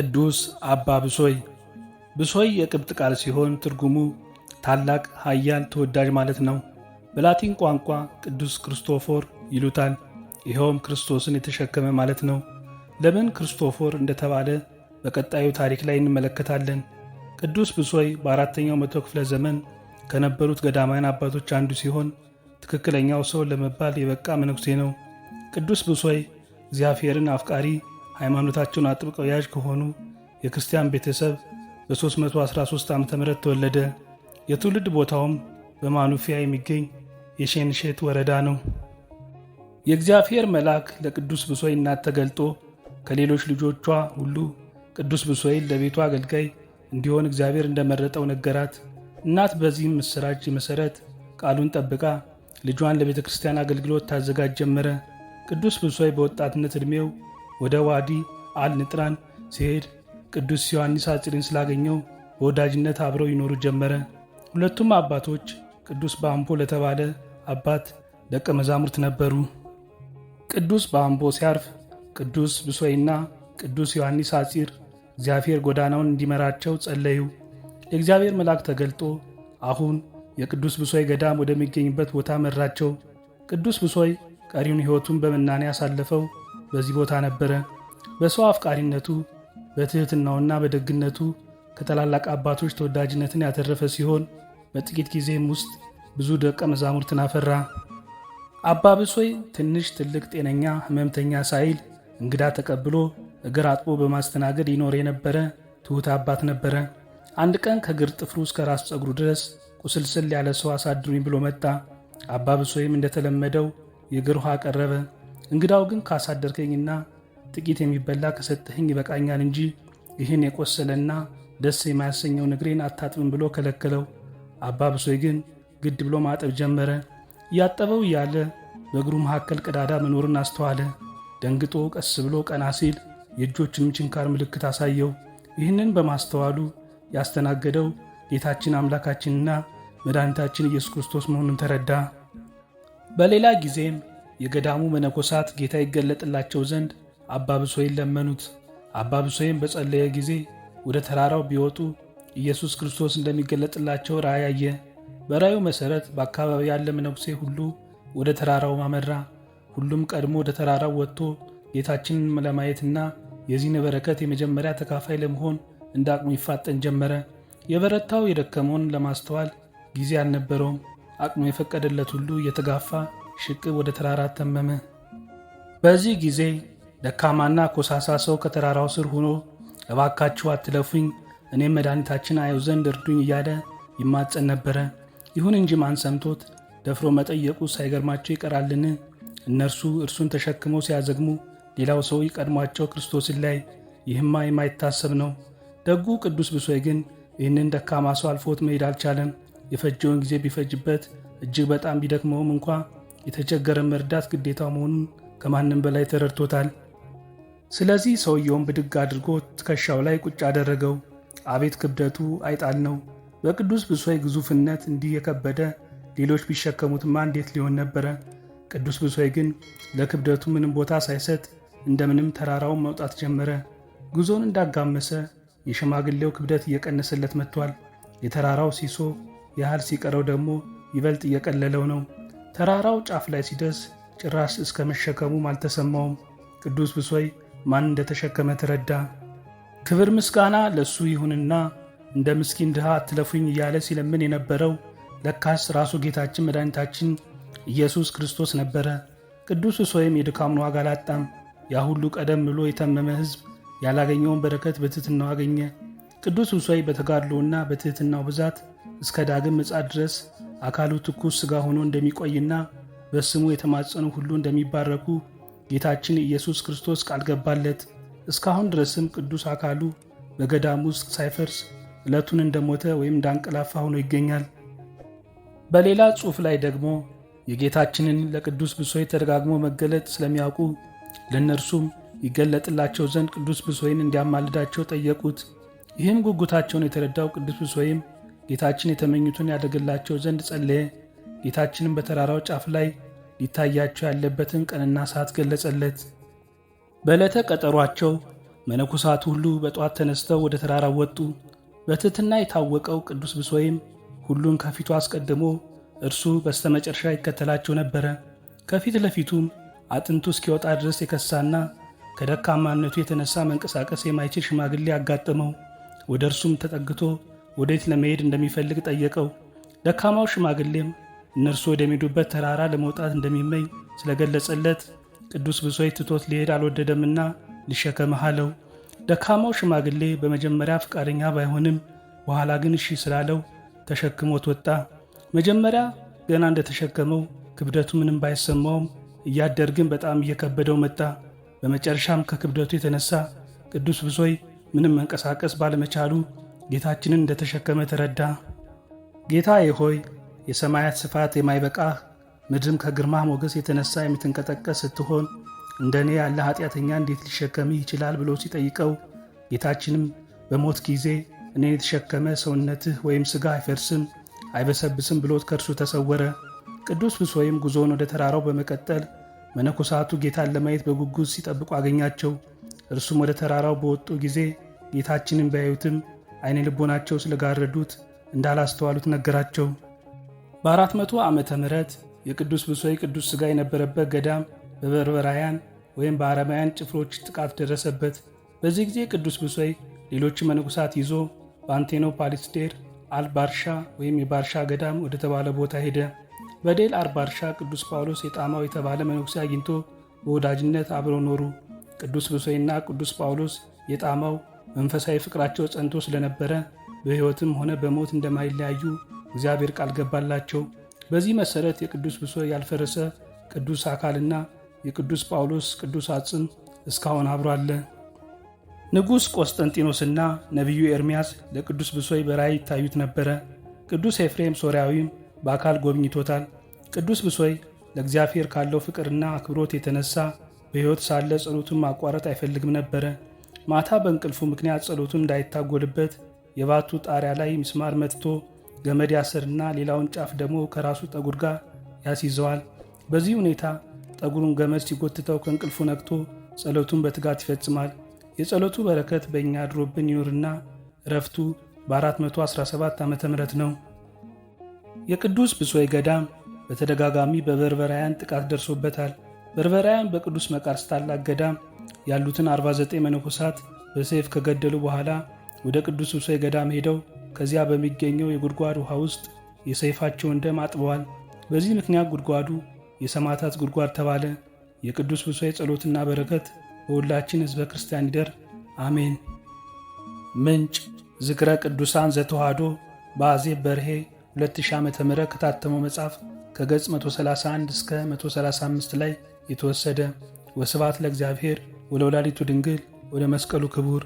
ቅዱስ አባ ብሶይ ብሶይ የቅብጥ ቃል ሲሆን ትርጉሙ ታላቅ፣ ኃያል፣ ተወዳጅ ማለት ነው። በላቲን ቋንቋ ቅዱስ ክርስቶፎር ይሉታል። ይኸውም ክርስቶስን የተሸከመ ማለት ነው። ለምን ክርስቶፎር እንደተባለ በቀጣዩ ታሪክ ላይ እንመለከታለን። ቅዱስ ብሶይ በአራተኛው መቶ ክፍለ ዘመን ከነበሩት ገዳማውያን አባቶች አንዱ ሲሆን ትክክለኛው ሰው ለመባል የበቃ መነኩሴ ነው። ቅዱስ ብሶይ እግዚአብሔርን አፍቃሪ ሃይማኖታቸውን አጥብቀው ያዥ ከሆኑ የክርስቲያን ቤተሰብ በ313 ዓ ም ተወለደ። የትውልድ ቦታውም በማኑፊያ የሚገኝ የሼንሼት ወረዳ ነው። የእግዚአብሔር መልአክ ለቅዱስ ብሶይ እናት ተገልጦ ከሌሎች ልጆቿ ሁሉ ቅዱስ ብሶይን ለቤቱ አገልጋይ እንዲሆን እግዚአብሔር እንደመረጠው ነገራት። እናት በዚህም ምስራች መሠረት ቃሉን ጠብቃ ልጇን ለቤተ ክርስቲያን አገልግሎት ታዘጋጅ ጀመረ። ቅዱስ ብሶይ በወጣትነት ዕድሜው ወደ ዋዲ አልንጥራን ሲሄድ ቅዱስ ዮሐንስ አጽድን ስላገኘው በወዳጅነት አብረው ይኖሩ ጀመረ። ሁለቱም አባቶች ቅዱስ በአምቦ ለተባለ አባት ደቀ መዛሙርት ነበሩ። ቅዱስ በአምቦ ሲያርፍ ቅዱስ ብሶይና ቅዱስ ዮሐንስ አጺር እግዚአብሔር ጎዳናውን እንዲመራቸው ጸለዩ። የእግዚአብሔር መልአክ ተገልጦ አሁን የቅዱስ ብሶይ ገዳም ወደሚገኝበት ቦታ መራቸው። ቅዱስ ብሶይ ቀሪውን ሕይወቱን በመናኔ ያሳለፈው በዚህ ቦታ ነበረ። በሰው አፍቃሪነቱ በትህትናውና በደግነቱ ከታላላቅ አባቶች ተወዳጅነትን ያተረፈ ሲሆን በጥቂት ጊዜም ውስጥ ብዙ ደቀ መዛሙርትን አፈራ። አባ ብሶይ ትንሽ ትልቅ፣ ጤነኛ፣ ህመምተኛ ሳይል እንግዳ ተቀብሎ እግር አጥቦ በማስተናገድ ይኖር የነበረ ትሑት አባት ነበረ። አንድ ቀን ከግር ጥፍሩ እስከ ራስ ጸጉሩ ድረስ ቁስልስል ያለ ሰው አሳድሩኝ ብሎ መጣ። አባ ብሶይም እንደተለመደው የእግር ውሃ አቀረበ። እንግዳው ግን ካሳደርከኝና ጥቂት የሚበላ ከሰጠኸኝ ይበቃኛል እንጂ ይህን የቆሰለና ደስ የማያሰኘው እግሬን አታጥብም ብሎ ከለከለው። አባ ብሶይ ግን ግድ ብሎ ማጠብ ጀመረ። እያጠበው እያለ በእግሩ መካከል ቀዳዳ መኖርን አስተዋለ። ደንግጦ ቀስ ብሎ ቀና ሲል የእጆችንም ችንካር ምልክት አሳየው። ይህንን በማስተዋሉ ያስተናገደው ጌታችን አምላካችንና መድኃኒታችን ኢየሱስ ክርስቶስ መሆኑን ተረዳ። በሌላ ጊዜም የገዳሙ መነኮሳት ጌታ ይገለጥላቸው ዘንድ አባብሶይን ለመኑት። አባብሶይም በጸለየ ጊዜ ወደ ተራራው ቢወጡ ኢየሱስ ክርስቶስ እንደሚገለጥላቸው ራእይ አየ። በራእዩ መሠረት በአካባቢ ያለ መነኩሴ ሁሉ ወደ ተራራው አመራ። ሁሉም ቀድሞ ወደ ተራራው ወጥቶ ጌታችንን ለማየትና የዚህን በረከት የመጀመሪያ ተካፋይ ለመሆን እንደ አቅሙ ይፋጠን ጀመረ። የበረታው የደከመውን ለማስተዋል ጊዜ አልነበረውም። አቅሙ የፈቀደለት ሁሉ እየተጋፋ ሽቅብ ወደ ተራራ ተመመ። በዚህ ጊዜ ደካማና ኮሳሳ ሰው ከተራራው ስር ሆኖ እባካችሁ አትለፉኝ፣ እኔም መድኃኒታችን አየው ዘንድ እርዱኝ እያለ ይማጸን ነበረ። ይሁን እንጂ ማን ሰምቶት ደፍሮ መጠየቁ ሳይገርማቸው ይቀራልን? እነርሱ እርሱን ተሸክመው ሲያዘግሙ ሌላው ሰው ቀድሟቸው ክርስቶስን ላይ ይህማ የማይታሰብ ነው። ደጉ ቅዱስ ብሶይ ግን ይህንን ደካማ ሰው አልፎት መሄድ አልቻለም። የፈጀውን ጊዜ ቢፈጅበት እጅግ በጣም ቢደክመውም እንኳ የተቸገረ መርዳት ግዴታው መሆኑን ከማንም በላይ ተረድቶታል። ስለዚህ ሰውየውን ብድግ አድርጎ ትከሻው ላይ ቁጭ አደረገው። አቤት ክብደቱ አይጣል ነው። በቅዱስ ብሶይ ግዙፍነት እንዲህ የከበደ ሌሎች ቢሸከሙትማ እንዴት ሊሆን ነበረ? ቅዱስ ብሶይ ግን ለክብደቱ ምንም ቦታ ሳይሰጥ እንደምንም ተራራውን መውጣት ጀመረ። ጉዞን እንዳጋመሰ የሽማግሌው ክብደት እየቀነሰለት መጥቷል። የተራራው ሲሶ ያህል ሲቀረው ደግሞ ይበልጥ እየቀለለው ነው። ተራራው ጫፍ ላይ ሲደርስ ጭራሽ እስከ መሸከሙም አልተሰማውም። ቅዱስ ብሶይ ማን እንደተሸከመ ተረዳ። ክብር ምስጋና ለእሱ ይሁንና እንደ ምስኪን ድሃ አትለፉኝ እያለ ሲለምን የነበረው ለካስ ራሱ ጌታችን መድኃኒታችን ኢየሱስ ክርስቶስ ነበረ። ቅዱስ ብሶይም የድካሙን ዋጋ አላጣም። ያ ሁሉ ቀደም ብሎ የተመመ ሕዝብ ያላገኘውን በረከት በትሕትናው አገኘ። ቅዱስ ብሶይ በተጋድሎና በትሕትናው ብዛት እስከ ዳግም ምጽአት ድረስ አካሉ ትኩስ ሥጋ ሆኖ እንደሚቆይና በስሙ የተማጸኑ ሁሉ እንደሚባረኩ ጌታችን ኢየሱስ ክርስቶስ ቃል ገባለት። እስካሁን ድረስም ቅዱስ አካሉ በገዳም ውስጥ ሳይፈርስ ዕለቱን እንደሞተ ወይም እንዳንቀላፋ ሆኖ ይገኛል። በሌላ ጽሑፍ ላይ ደግሞ የጌታችንን ለቅዱስ ብሶይ ተደጋግሞ መገለጥ ስለሚያውቁ ለእነርሱም ይገለጥላቸው ዘንድ ቅዱስ ብሶይን እንዲያማልዳቸው ጠየቁት። ይህም ጉጉታቸውን የተረዳው ቅዱስ ብሶይም ጌታችን የተመኙትን ያደርግላቸው ዘንድ ጸለየ። ጌታችንም በተራራው ጫፍ ላይ ሊታያቸው ያለበትን ቀንና ሰዓት ገለጸለት። በዕለተ ቀጠሯቸው መነኮሳት ሁሉ በጠዋት ተነስተው ወደ ተራራው ወጡ። በትሕትና የታወቀው ቅዱስ ብሶይም ሁሉን ከፊቱ አስቀድሞ እርሱ በስተመጨረሻ ይከተላቸው ነበረ። ከፊት ለፊቱም አጥንቱ እስኪወጣ ድረስ የከሳና ከደካማነቱ የተነሳ መንቀሳቀስ የማይችል ሽማግሌ አጋጠመው። ወደ እርሱም ተጠግቶ ወዴት ለመሄድ እንደሚፈልግ ጠየቀው። ደካማው ሽማግሌም እነርሱ ወደሚሄዱበት ተራራ ለመውጣት እንደሚመኝ ስለገለጸለት ቅዱስ ብሶይ ትቶት ሊሄድ አልወደደምና ልሸከምህ አለው። ደካማው ሽማግሌ በመጀመሪያ ፍቃደኛ ባይሆንም በኋላ ግን እሺ ስላለው ተሸክሞት ወጣ። መጀመሪያ ገና እንደተሸከመው ክብደቱ ምንም ባይሰማውም እያደር ግን በጣም እየከበደው መጣ። በመጨረሻም ከክብደቱ የተነሳ ቅዱስ ብሶይ ምንም መንቀሳቀስ ባለመቻሉ ጌታችንን እንደተሸከመ ተረዳ። ጌታዬ ሆይ የሰማያት ስፋት የማይበቃህ ምድርም ከግርማ ሞገስ የተነሳ የምትንቀጠቀስ ስትሆን እንደ እኔ ያለ ኃጢአተኛ እንዴት ሊሸከምህ ይችላል ብሎ ሲጠይቀው ጌታችንም በሞት ጊዜ እኔን የተሸከመ ሰውነትህ ወይም ሥጋ አይፈርስም አይበሰብስም ብሎት ከእርሱ ተሰወረ። ቅዱስ ብሶይም ጉዞውን ወደ ተራራው በመቀጠል መነኮሳቱ ጌታን ለማየት በጉጉት ሲጠብቁ አገኛቸው። እርሱም ወደ ተራራው በወጡ ጊዜ ጌታችንን ቢያዩትም አይነ ልቦናቸው ስለጋረዱት እንዳላስተዋሉት ነገራቸው። በአራት መቶ ዓመተ ምህረት የቅዱስ ብሶይ ቅዱስ ሥጋ የነበረበት ገዳም በበርበራውያን ወይም በአረማውያን ጭፍሮች ጥቃት ደረሰበት። በዚህ ጊዜ ቅዱስ ብሶይ ሌሎች መንጉሳት ይዞ በአንቴኖ ፓሊስቴር አልባርሻ ወይም የባርሻ ገዳም ወደ ተባለ ቦታ ሄደ። በዴል አርባርሻ ቅዱስ ጳውሎስ የጣማው የተባለ መነኩሴ አግኝቶ በወዳጅነት አብረው ኖሩ። ቅዱስ ብሶይና ቅዱስ ጳውሎስ የጣማው መንፈሳዊ ፍቅራቸው ጸንቶ ስለነበረ በሕይወትም ሆነ በሞት እንደማይለያዩ እግዚአብሔር ቃል ገባላቸው። በዚህ መሰረት የቅዱስ ብሶ ያልፈረሰ ቅዱስ አካልና የቅዱስ ጳውሎስ ቅዱስ አጽም እስካሁን አብሮ አለ። ንጉሥ ቆስጠንጢኖስና ነቢዩ ኤርምያስ ለቅዱስ ብሶይ በራእይ ይታዩት ነበረ። ቅዱስ ኤፍሬም ሶርያዊም በአካል ጎብኝቶታል። ቅዱስ ብሶይ ለእግዚአብሔር ካለው ፍቅርና አክብሮት የተነሳ በሕይወት ሳለ ጸሎቱን ማቋረጥ አይፈልግም ነበረ። ማታ በእንቅልፉ ምክንያት ጸሎቱን እንዳይታጎልበት የባቱ ጣሪያ ላይ ምስማር መትቶ ገመድ ያስርና ሌላውን ጫፍ ደግሞ ከራሱ ጠጉር ጋር ያስይዘዋል። በዚህ ሁኔታ ጠጉሩን ገመድ ሲጎትተው ከእንቅልፉ ነቅቶ ጸሎቱን በትጋት ይፈጽማል። የጸሎቱ በረከት በእኛ አድሮብን ይኑርና እረፍቱ በ417 ዓ ም ነው። የቅዱስ ብጹይ ገዳም በተደጋጋሚ በበርበራያን ጥቃት ደርሶበታል። በርበራያን በቅዱስ መቃርስ ታላቅ ገዳም ያሉትን 49 መነኮሳት በሰይፍ ከገደሉ በኋላ ወደ ቅዱስ ዮሴፍ ገዳም ሄደው ከዚያ በሚገኘው የጉድጓድ ውሃ ውስጥ የሰይፋቸውን ደም አጥበዋል። በዚህ ምክንያት ጉድጓዱ የሰማዕታት ጉድጓድ ተባለ። የቅዱስ ዮሴፍ ጸሎትና በረከት በሁላችን ሕዝበ ክርስቲያን ይደር፣ አሜን። ምንጭ ዝክረ ቅዱሳን ዘተዋሕዶ በአዜብ በርሄ 2000 ዓ ም ከታተመው መጽሐፍ ከገጽ 131 እስከ 135 ላይ የተወሰደ። ወስብሐት ለእግዚአብሔር ወለወላዲቱ ድንግል መስቀሉ ክቡር